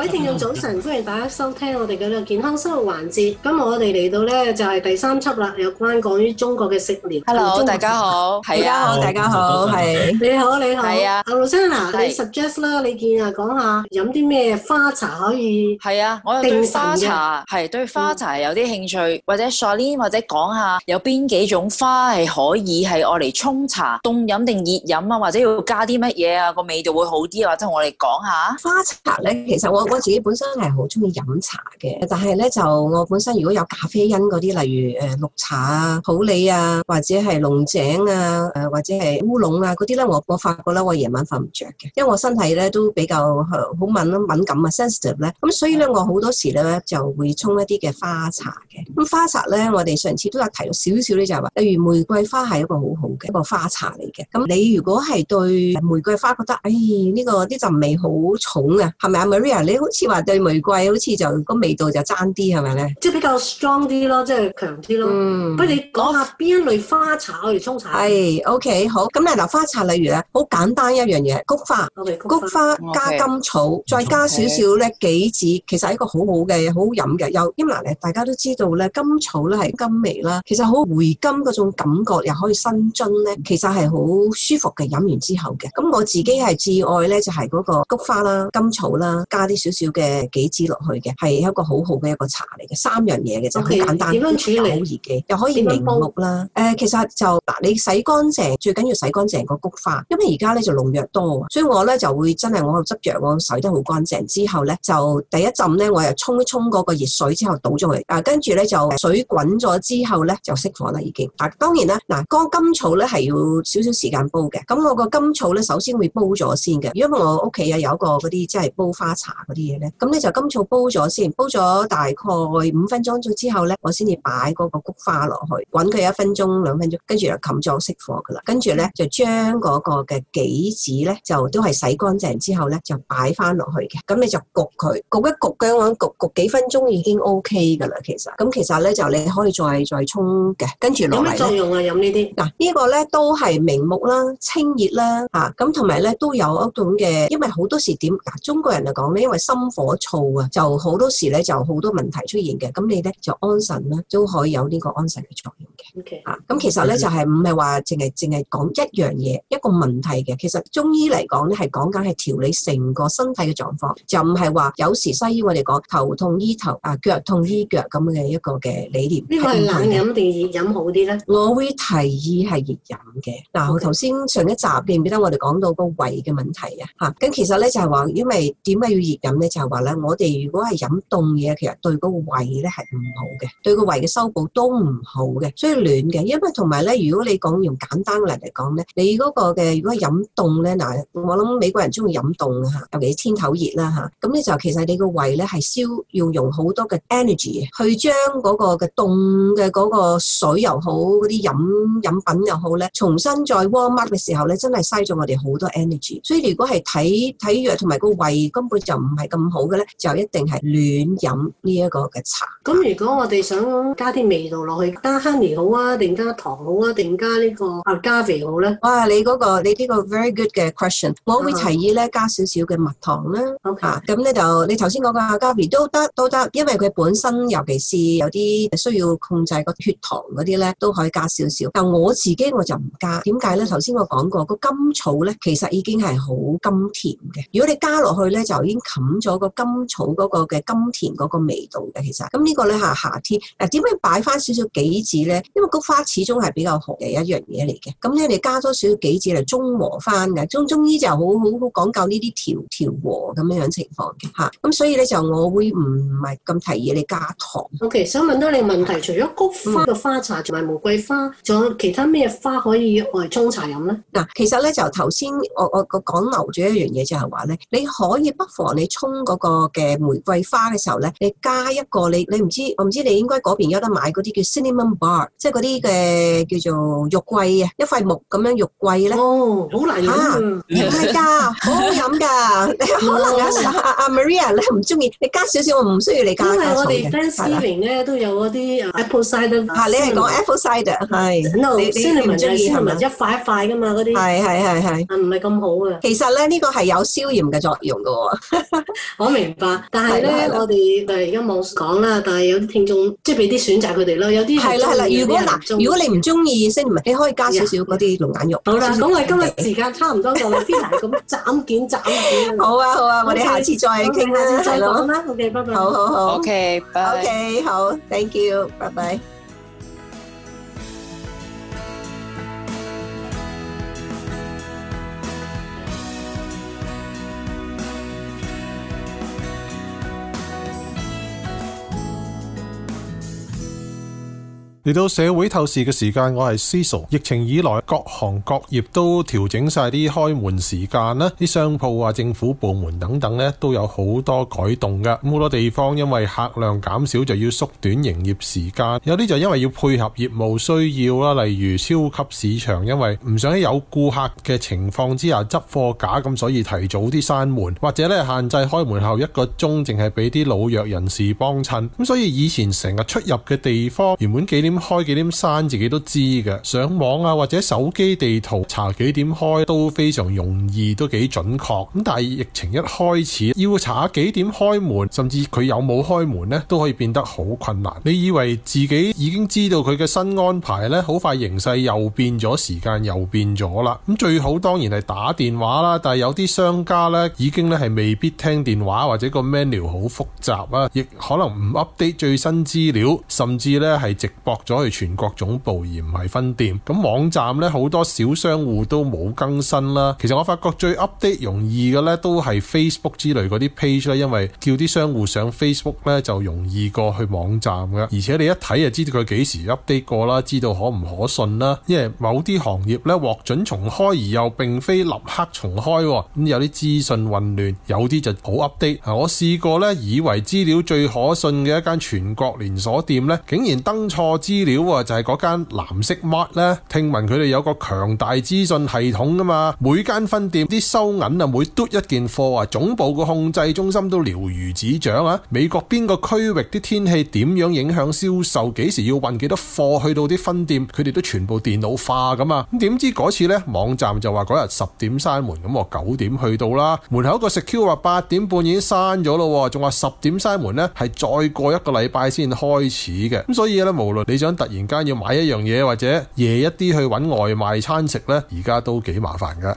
各位聽眾早晨，歡迎大家收聽我哋嘅健康生活環節。今日我哋嚟到咧就係第三輯啦，有關關於中國嘅食療。Hello，大家好，係啊，大家好，係你好，你好，係啊。Rosanna，你 suggest 啦，你見啊，講下飲啲咩花茶可以？係啊，我有對花茶係對花茶有啲興趣，或者 Shirley 或者講下有邊幾種花係可以係我嚟沖茶，凍飲定熱飲啊？或者要加啲乜嘢啊？個味道會好啲啊？或者同我哋講下花茶咧，其實我我。我自己本身係好中意飲茶嘅，但係咧就我本身如果有咖啡因嗰啲，例如誒綠茶啊、普洱啊，或者係龍井啊、誒或者係烏龍啊嗰啲咧，我我發覺咧我夜晚瞓唔着嘅，因為我身體咧都比較好敏敏感啊，sensitive 咧，咁所以咧我好多時咧就會沖一啲嘅花茶嘅。咁花茶咧，我哋上次都有提到少少咧，就係話，例如玫瑰花係一個好好嘅一個花茶嚟嘅。咁你如果係對玫瑰花覺得，哎呢個啲陣味好重啊，係咪啊，Maria？好似話對玫瑰好似就個味道就爭啲係咪咧？即係比較 strong 啲咯，即係強啲咯。嗯、不如你講下邊一類花茶，可以沖茶。係 OK，好。咁咧嗱，花茶例如咧，好簡單一樣嘢，菊花、okay, 菊花 okay, 加甘草，okay, 再加少少咧杞子。其實係一個好好嘅，好好飲嘅。有因為呢，咧、呃，大家都知道咧，甘草咧係甘味啦，其實好回甘嗰種感覺，又可以生津咧。其實係好舒服嘅，飲完之後嘅。咁我自己係至愛咧，就係、是、嗰個菊花啦、甘草啦，加啲。少少嘅杞子落去嘅，係一個好好嘅一個茶嚟嘅，三樣嘢嘅啫。就是簡單，又好易嘅，又可以明目啦。誒、呃，其實就嗱、呃，你洗乾淨，最緊要洗乾淨個菊花，因為而家咧就農藥多，所以我咧就會真係我執藥我洗得好乾淨之後咧，就第一浸咧我又沖一沖嗰個熱水之後倒咗佢。嗱跟住咧就水滾咗之後咧就熄火啦已經。嗱當然啦，嗱個甘草咧係要少少時間煲嘅，咁我個甘草咧首先會煲咗先嘅，如果我屋企啊有一個嗰啲即係煲花茶咁你就甘草煲咗先，煲咗大概五分鐘咗之後咧，我先至擺嗰個菊花落去，揾佢一分鐘兩分鐘，跟住就冚咗熄火噶啦。跟住咧就將嗰個嘅杞子咧就都係洗乾淨之後咧就擺翻落去嘅。咁你就焗佢，焗一焗，咁樣焗焗幾分鐘已經 OK 噶啦。其實咁其實咧就你可以再再沖嘅，跟住落嚟。有咩作用啊？飲、啊呢個、呢啲嗱呢個咧都係明目啦、清熱啦嚇，咁同埋咧都有一種嘅，因為好多時點嗱，中國人嚟講咧，因為心火燥啊，就好多時咧就好多問題出現嘅，咁你咧就安神啦，都可以有呢個安神嘅作用。吓，咁 Okay.、啊、其實咧就係唔係話淨係淨係講一樣嘢、一個問題嘅，其實中醫嚟講咧係講緊係調理成個身體嘅狀況，就唔係話有時西醫我哋講頭痛醫頭啊腳痛醫腳咁嘅一個嘅理念。呢個係冷飲定熱飲好啲咧？我會提議係熱飲嘅。嗱、啊，我頭先 Okay. 上一集記唔記得我哋講到個胃嘅問題啊？吓，咁其實咧就係、是、話，因為點解要熱飲咧？就係話咧，我哋如果係飲凍嘢，其實對個胃咧係唔好嘅，對個胃嘅修補都唔好嘅，所以。暖嘅，因為同埋咧，如果你講用簡單嚟嚟講咧，你嗰個嘅如果飲凍咧，嗱，我諗美國人中意飲凍嘅吓，尤其是天頭熱啦吓，咁咧就其實你個胃咧係燒，要用好多嘅 energy 去將嗰個嘅凍嘅嗰個水又好，嗰啲飲飲品又好咧，重新再 warm up 嘅時候咧，真係嘥咗我哋好多 energy。所以如果係睇睇藥同埋個胃根本就唔係咁好嘅咧，就一定係暖飲呢一個嘅茶。咁如果我哋想加啲味道落去，加 honey。好啊，定加糖好啊，定加呢個阿加菲好咧？哇！你嗰、那個你呢個 very good 嘅 question，我會提議咧加少少嘅蜜糖啦。咁咧就你頭先講個阿加菲都得都得，因為佢本身尤其是有啲需要控制個血糖嗰啲咧，都可以加少少。但我自己我就唔加，點解咧？頭先我講過個甘草咧，其實已經係好甘甜嘅。如果你加落去咧，就已經冚咗個甘草嗰個嘅甘甜嗰個味道嘅。其實咁呢個咧嚇，夏天嗱，點樣擺翻少少杞子咧？因為菊花始終係比較寒嘅一樣嘢嚟嘅，咁咧你加多少杞子嚟中和翻嘅？中中醫就好好好講究呢啲調調和咁樣樣情況嘅嚇，咁所以咧就我會唔係咁提議你加糖。O、okay, K，想問多你問題，除咗菊花嘅花茶同埋、嗯、玫瑰花，仲有其他咩花可以用嚟沖茶飲咧？嗱，其實咧就頭先我我講漏咗一樣嘢就係話咧，你可以不妨你沖嗰個嘅玫瑰花嘅時候咧，你加一個你你唔知我唔知你應該嗰邊有得買嗰啲叫 cinnamon、um、bark 即係嗰啲嘅叫做肉桂啊，一塊木咁樣肉桂咧，哦，好難飲，唔係㗎，好好飲㗎，可能阿 Maria 你唔中意，你加少少我唔需要你加。因為我哋 Fancy Ming 咧都有嗰啲 Apple cider，嚇你係講 Apple cider 係，你你唔中意係咪？一塊一塊㗎嘛嗰啲，係係係係，啊唔係咁好啊。其實咧呢個係有消炎嘅作用㗎，我明白，但係咧我哋誒而家冇講啦，但係有啲聽眾即係俾啲選擇佢哋咯，有啲係。係啦，例如。嗱，唔中意，如果你唔中意，先唔係，你可以加少少嗰啲龍眼肉。啊、眼肉好啦的，咁我哋今日時間差唔多，就天台咁斬件斬件。好啊好啊，okay，我哋下次再傾啦，就咁啦，好嘅、okay，拜拜。好好好，OK，拜 bye.。OK，好，Thank you，拜拜。 嚟到社會透視嘅時間，我係 Ciso。疫情以來，各行各業都調整晒啲開門時間啦，啲商鋪啊、政府部門等等咧，都有好多改動㗎。咁好多地方因為客量減少，就要縮短營業時間；有啲就因為要配合業務需要啦，例如超級市場，因為唔想喺有顧客嘅情況之下執貨架，咁所以提早啲閂門，或者咧限制開門後一個鐘，淨係俾啲老弱人士幫襯。咁所以以前成日出入嘅地方，原本幾點，開幾點閂自己都知嘅，上網啊或者手機地圖查幾點開都非常容易，都幾準確。咁但係疫情一開始，要查下幾點開門，甚至佢有冇開門呢，都可以變得好困難。你以為自己已經知道佢嘅新安排呢？好快形勢又變咗，時間又變咗啦。咁最好當然係打電話啦，但係有啲商家呢，已經呢係未必聽電話，或者個 menu 好複雜啊，亦可能唔 update 最新資料，甚至呢係直播。咗去全國總部而唔係分店，咁網站咧，好多小商戶都冇更新啦。其實我發覺最 update 容易嘅咧，都係 Facebook 之類嗰啲 page 啦，因為叫啲商戶上 Facebook 咧就容易過去網站嘅，而且你一睇就知道佢幾時 update 過啦，知道可唔可信啦。因為某啲行業咧獲准重開，而又並非立刻重開，咁有啲資訊混亂，有啲就好 update。我試過咧以為資料最可信嘅一間全國連鎖店咧，竟然登錯。資料啊，就係嗰間藍色 Mark 咧，聽聞佢哋有個強大資訊系統噶嘛，每間分店啲收銀啊，每篤一件貨啊，總部個控制中心都了如指掌啊。美國邊個區域啲天氣點樣影響銷售，幾時要運幾多貨去到啲分店，佢哋都全部電腦化噶嘛。咁點知嗰次呢，網站就話嗰日十點閂門，咁我九點去到啦，門口個 secure 話八點半已經閂咗咯，仲話十點閂門咧係再過一個禮拜先開始嘅。咁所以呢，無論你想突然間要買一樣嘢，或者夜一啲去揾外賣餐食呢，而家都幾麻煩噶。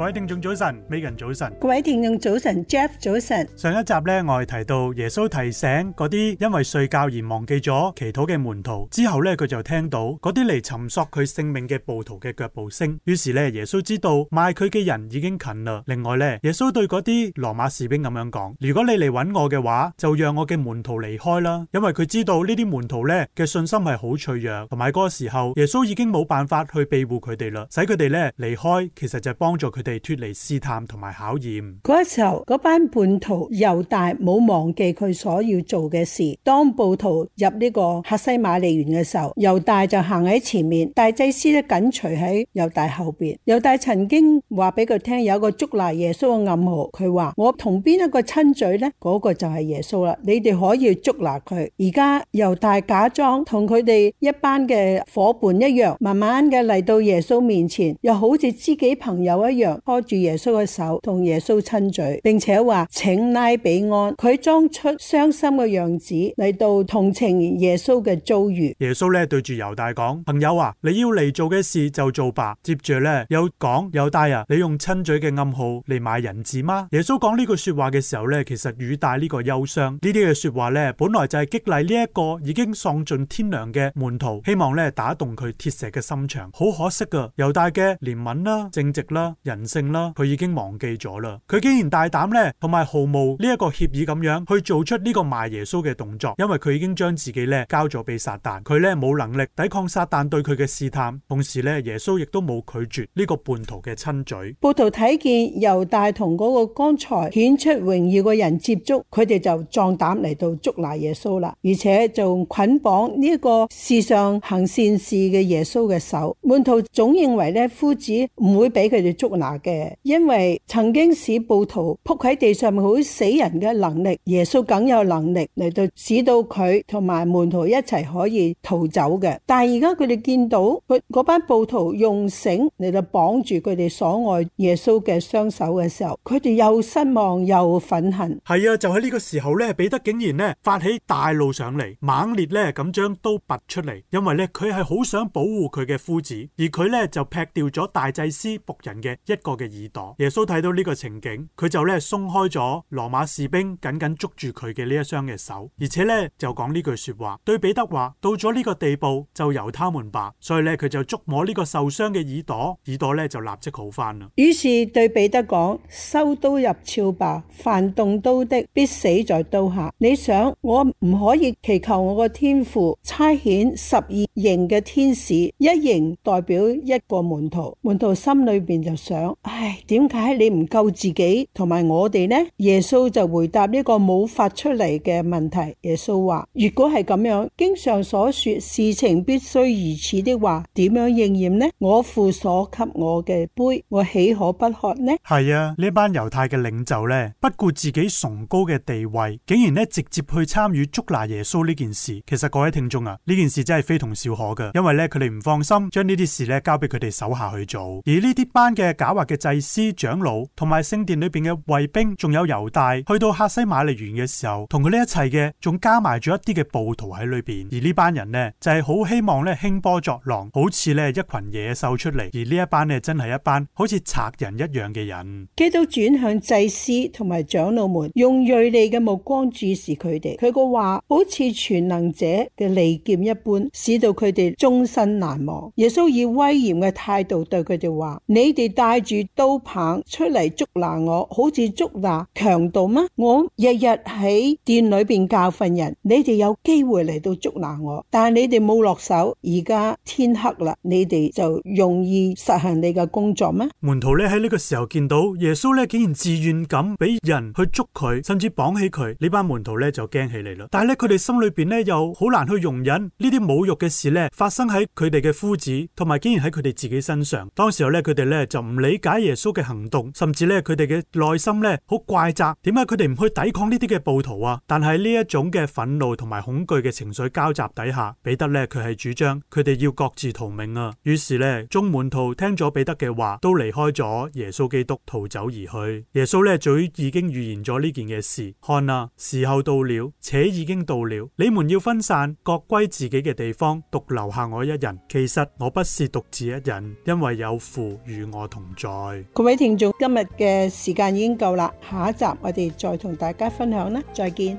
各位聽眾早晨，Megan 早晨，各位聽眾早晨，Jeff 早晨。上一集咧，我哋提到耶穌提醒嗰啲因為睡覺而忘記咗祈禱嘅門徒，之後咧佢就聽到嗰啲嚟尋索佢性命嘅暴徒嘅腳步聲，於是咧耶穌知道賣佢嘅人已經近啦。另外咧，耶穌對嗰啲羅馬士兵咁樣講，如果你嚟揾我嘅話，就讓我嘅門徒離開啦，因為佢知道呢啲門徒咧嘅信心係好脆弱，同埋嗰個時候耶穌已經冇辦法去庇護佢哋啦，使佢哋咧離開，其實就係幫助佢哋。脫離試探同埋考驗嗰個時候，嗰班叛徒猶大冇忘記佢所要做嘅事。當暴徒入呢個客西馬利園嘅時候，猶大就行喺前面，大祭司咧緊隨喺猶大後邊。猶大曾經話俾佢聽有一個捉拿耶穌嘅暗號，佢話我同邊一個親嘴呢？嗰、嗰個就係耶穌啦。你哋可以捉拿佢。而家猶大假裝同佢哋一班嘅夥伴一樣，慢慢嘅嚟到耶穌面前，又好似知己朋友一樣。拖住耶穌嘅手，同耶穌親嘴，並且話，請拉比安，佢裝出傷心嘅樣子嚟，到同情耶穌嘅遭遇。耶穌咧對住猶大講：朋友啊，你要嚟做嘅事就做吧。接住咧又講，猶大啊，你用親嘴嘅暗號嚟賣人子嗎？耶穌講呢句說話嘅時候咧，其實語帶呢個憂傷。呢啲嘅說話咧，本來就係激勵呢一個已經喪盡天良嘅門徒，希望咧打動佢鐵石嘅心腸。好可惜噶，猶大嘅憐憫啦、啊、正直啦、啊、人。性啦，佢已經忘記咗啦。佢竟然大膽咧，同埋毫無呢一個協議咁樣去做出呢個賣耶穌嘅動作，因為佢已經將自己咧交咗俾撒旦。佢咧冇能力抵抗撒旦對佢嘅試探，同時咧耶穌亦都冇拒絕呢個叛徒嘅親嘴。叛徒睇見猶大同嗰個剛才顯出榮耀嘅人接觸，佢哋就壯膽嚟到捉拿耶穌啦，而且仲捆綁呢個世上行善事嘅耶穌嘅手。叛徒總認為咧夫子唔會俾佢哋捉拿。嘅，因為曾經使暴徒撲喺地上面，好死人嘅能力，耶穌梗有能力嚟到使到佢同埋門徒一齊可以逃走嘅。但係而家佢哋見到佢，嗰班暴徒用繩嚟到綁住佢哋所愛耶穌嘅雙手嘅時候，佢哋又失望又憤恨。係啊，就喺呢個時候咧，彼得竟然咧發起大怒上嚟，猛烈咧咁將刀拔出嚟，因為咧佢係好想保護佢嘅夫子，而佢咧就劈掉咗大祭司僕人嘅一個。嘅耳朵，耶穌睇到呢個情景，佢就咧鬆開咗羅馬士兵緊緊捉住佢嘅呢一雙嘅手，而且咧就講呢句說話，對彼得話，到咗呢個地步就由他們吧。所以咧佢就觸摸呢個受傷嘅耳朵，耳朵咧就立即好返啦。於是對彼得講：收刀入鞘吧，凡動刀的必死在刀下。你想我唔可以祈求我個天父差遣十二營嘅天使，一營代表一個門徒，門徒心裏面就想。唉，點解你唔救自己同埋我哋呢？耶穌就回答呢個冇發出嚟嘅問題。耶穌話：如果係咁樣，經常所說事情必須如此的話，點樣應驗呢？我父所給我嘅杯，我豈可不喝呢？係啊，呢班猶太嘅領袖呢，不顧自己崇高嘅地位，竟然呢直接去參與捉拿耶穌呢件事。其實各位聽眾啊，呢件事真係非同小可噶，因為呢佢哋唔放心將呢啲事呢交俾佢哋手下去做，而呢啲班嘅假，嘅祭司、長老同埋聖殿裏邊嘅衛兵，仲有猶大，去到客西馬尼園嘅時候，同佢呢一切嘅，仲加埋咗一啲嘅暴徒喺裏邊。而呢班人呢，就係、是、好希望咧興波作浪，好似咧一群野獸出嚟。而呢一班呢，真係一班好似賊人一樣嘅人。基督轉向祭司同埋長老們，用銳利嘅目光注視佢哋。佢個話好似全能者嘅利劍一般，使到佢哋終身難忘。耶穌以威嚴嘅態度對佢哋話：「你哋帶。住刀棒出嚟捉拿我，好似捉拿強盜咩？我日日喺店裏邊教訓人，你哋有機會嚟到捉拿我，但係你哋冇落手。而家天黑啦，你哋就容易實行你嘅工作咩？門徒咧喺呢個時候見到耶穌咧，竟然自願咁俾人去捉佢，甚至綁起佢。呢班門徒咧就驚起嚟啦。但係咧，佢哋心裏邊咧又好難去容忍呢啲侮辱嘅事咧發生喺佢哋嘅夫子，同埋竟然喺佢哋自己身上。當時候咧，佢哋咧就唔理解耶穌嘅行動，甚至咧佢哋嘅內心咧好怪責，點解佢哋唔去抵抗呢啲嘅暴徒啊？但係呢一種嘅憤怒同埋恐懼嘅情緒交集底下，彼得咧佢係主張佢哋要各自逃命啊！於是呢，眾門徒聽咗彼得嘅話，都離開咗耶穌基督，逃走而去。耶穌咧早已經預言咗呢件嘅事，看啊，時候到了，且已經到了，你們要分散，各歸自己嘅地方，獨留下我一人。其實我不是獨自一人，因為有父與我同在。各位聽眾，今日嘅時間已經夠喇，下一集我哋再同大家分享啦，再見。